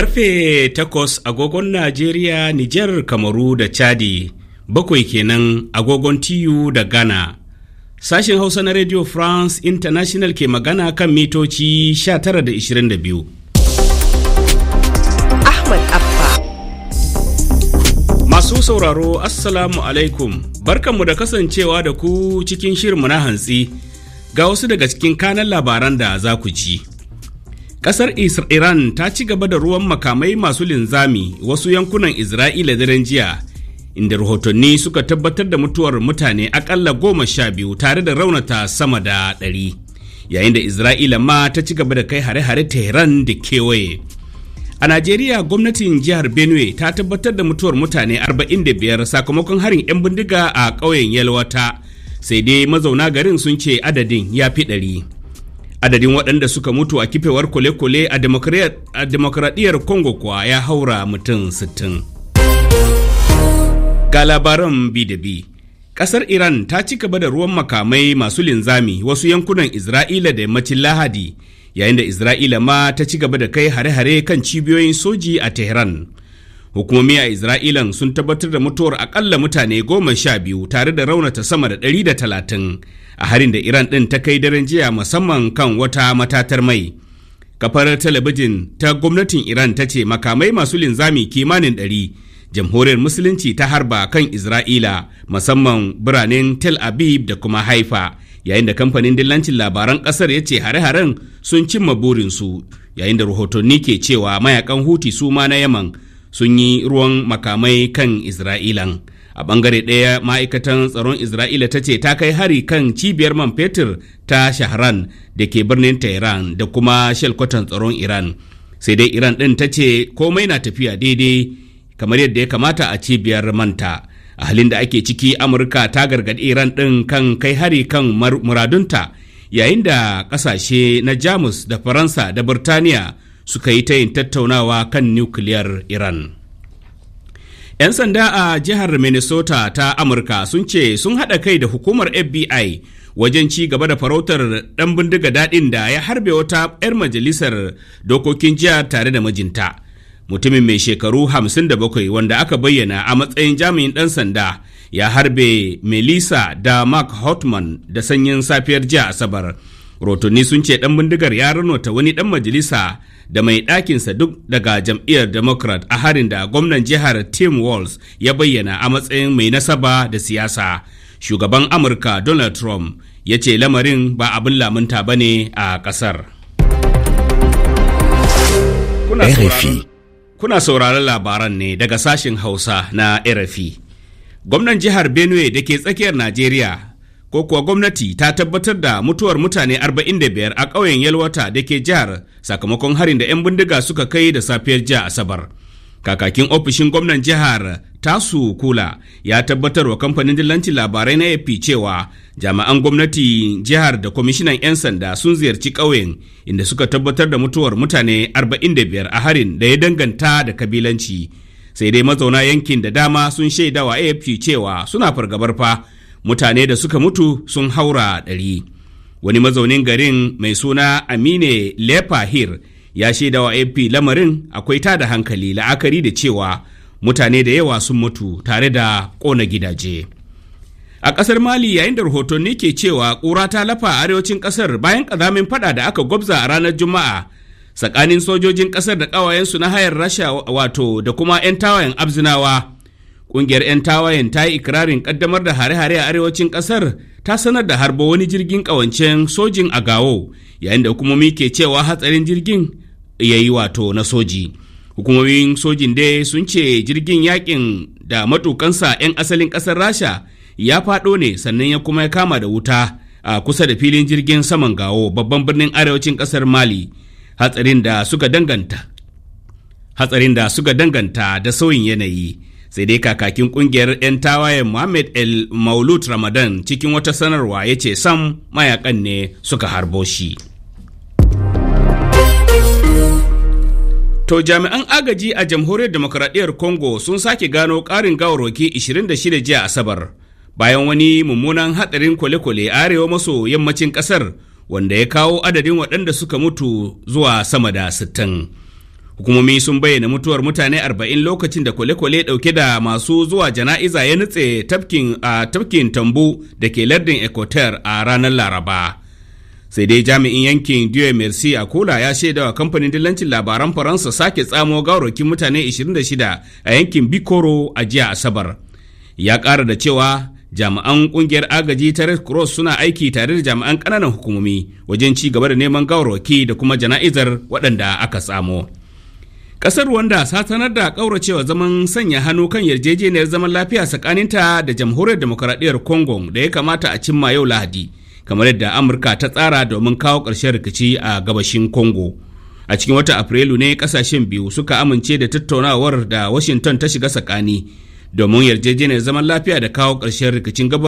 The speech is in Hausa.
Karfe takwas agogon Najeriya, Nijar, Kamaru da Chadi, bakwai kenan agogon tiyu da Ghana. Sashen Hausa na Radio France International ke magana kan mitoci 19.22. Ahmad Abba. Masu sauraro, Assalamu alaikum, barkanmu da kasancewa da ku cikin shirinmu na hantsi. Ga wasu daga cikin kanan labaran da za ku ji. Kasar Iran ta ci gaba da ruwan makamai masu linzami wasu yankunan Isra'ila daren jiya, inda rahotanni suka tabbatar da mutuwar mutane akalla goma sha biyu tare da raunata sama da ɗari. Yayin da Isra'ila ma ta ci gaba da kai hare-hare Tehran da kewaye. A Najeriya gwamnatin jihar Benue ta tabbatar da mutuwar mutane arba'in da biyar sakamakon harin 'yan bindiga a ƙauyen Yalwata, sai dai mazauna garin sun ce adadin ya fi ɗari. Adadin waɗanda suka mutu a kifewar kole-kole a demokradiyyar Congo kuwa ya haura mutum 60. Ga labaran bdb da Ƙasar Iran ta ci gaba da ruwan makamai masu linzami wasu yankunan Isra'ila da yammacin Lahadi, yayin da Isra'ila ma ta ci gaba da kai hare-hare kan cibiyoyin soji a Tehran. hukumomi a isra'ilan sun tabbatar da mutuwar akalla mutane goma sha biyu tare da raunata sama da ɗari da talatin a harin da iran ɗin ta kai daren jiya musamman kan wata matatar mai kafar talabijin ta gwamnatin iran ta ce makamai masu linzami kimanin ɗari jamhuriyar musulunci ta harba kan isra'ila musamman biranen tel aviv da kuma haifa yayin da kamfanin dillancin labaran ƙasar ya ce hare-haren sun cimma burinsu yayin da rahotanni ke cewa mayakan huti su ma na yaman sun yi ruwan makamai kan isra'ilan a bangare ɗaya ma'aikatan tsaron isra'ila ta ce ta kai hari kan cibiyar man fetur ta shahran da ke birnin tehran da kuma shelkwatan tsaron iran sai dai iran ɗin ta ce komai na tafiya daidai kamar yadda ya kamata a cibiyar manta a halin da ake ciki amurka ta gargaɗi iran ɗin kan kai hari kan muradunta yayin da ƙasashe na jamus da faransa da burtaniya suka yi ta yin tattaunawa kan nukiliyar Iran. 'Yan sanda a jihar Minnesota ta Amurka sun ce sun haɗa kai da hukumar FBI wajen ci gaba da farautar ɗan bindiga daɗin da ya harbe wata 'yar majalisar dokokin jihar tare da majinta Mutumin mai shekaru 57 wanda aka bayyana a matsayin jami'in ɗan sanda ya harbe Melissa da Mark Hotman da sanyin safiyar jiya Asabar. rotonni sun ce dan bindigar ya ranota wani dan majalisa da mai ɗakinsa duk daga jam'iyyar democrat a harin da gwamnan jihar tim walz ya bayyana a matsayin mai nasaba da siyasa shugaban amurka donald trump ya ce lamarin ba abin lamunta ba ne a ƙasar kuna sauraron labaran ne daga sashen hausa na rfi gwamnan jihar benue da ke tsakiyar najeriya ko kuwa gwamnati ta tabbatar da mutuwar mutane 45 a ƙauyen yalwata da ke jihar sakamakon harin da 'yan bindiga suka kai da safiyar jiya asabar kakakin ofishin gwamnan jihar tasu kula ya tabbatar wa kamfanin dillancin labarai na ap cewa jami'an gwamnati jihar da kwamishinan 'yan sanda sun ziyarci ƙauyen inda suka tabbatar da mutuwar mutane 45 a harin da ya danganta da kabilanci sai dai mazauna yankin da dama sun shaidawa afp cewa suna fargabar fa mutane da suka mutu sun haura ɗari wani mazaunin garin mai suna amine lepahir ya shaida wa ap lamarin akwai ta da hankali la'akari da cewa mutane da yawa sun mutu tare da ƙona gidaje a ƙasar mali yayin da rahotanni ke cewa ƙura ta lafa a arewacin ƙasar bayan ƙazamin faɗa da aka gwabza a ranar juma'a tsakanin sojojin ƙasar da ƙawayensu na hayar rasha wato da kuma 'yan tawayen abzinawa Ƙungiyar 'yan tawayen ta yi ikirarin ƙaddamar da hare-hare a arewacin ƙasar ta sanar da harba wani jirgin ƙawancen sojin a gawo yayin da hukumomi ke cewa hatsarin jirgin ya yi wato na soji. Hukumomin sojin dai sun ce jirgin yakin da matukansa 'yan asalin ƙasar Rasha ya faɗo ne sannan ya kuma ya kama da wuta a kusa da filin jirgin saman gawo babban birnin arewacin ƙasar Mali hatsarin da suka danganta da sauyin yanayi. sai dai kakakin kungiyar 'yan tawayen Mohammed El Maulud Ramadan cikin wata sanarwa ya ce sam mayakan ne suka harbo shi. To jami'an agaji a jamhuriyar demokuraɗiyyar Congo sun sake gano ƙarin gawarwaki 26 jiya Asabar bayan wani mummunan hatsarin kwale-kwale arewa maso yammacin ƙasar wanda ya kawo adadin waɗanda suka mutu zuwa sama da sittin. hukumomi sun bayyana mutuwar mutane arba'in lokacin da kwale-kwale ɗauke da masu zuwa jana'iza ya nutse tafkin a tafkin tambu da ke lardin equator a ranar laraba sai dai jami'in yankin dieu merci a kola ya shaida wa kamfanin dillancin labaran faransa sake tsamo gawarwakin mutane 26 a yankin bikoro a jiya asabar ya kara da cewa jami'an kungiyar agaji ta red cross suna aiki tare da jami'an kananan hukumomi wajen ci gaba da neman gawarwaki da kuma jana'izar waɗanda aka tsamo. Ƙasar Rwanda ta sanar da ƙauracewa zaman sanya hannu kan yarjejeniyar zaman lafiya tsakaninta da jamhuriyar demokuraɗiyyar Congo da ya kamata a cimma yau Lahadi, kamar yadda Amurka ta tsara domin kawo ƙarshen rikici a gabashin Congo. A cikin watan Afrilu ne kasashen biyu suka amince da tattaunawar da Washington ta shiga tsakani domin yarjejeniyar zaman lafiya da kawo ƙarshen rikicin gabashin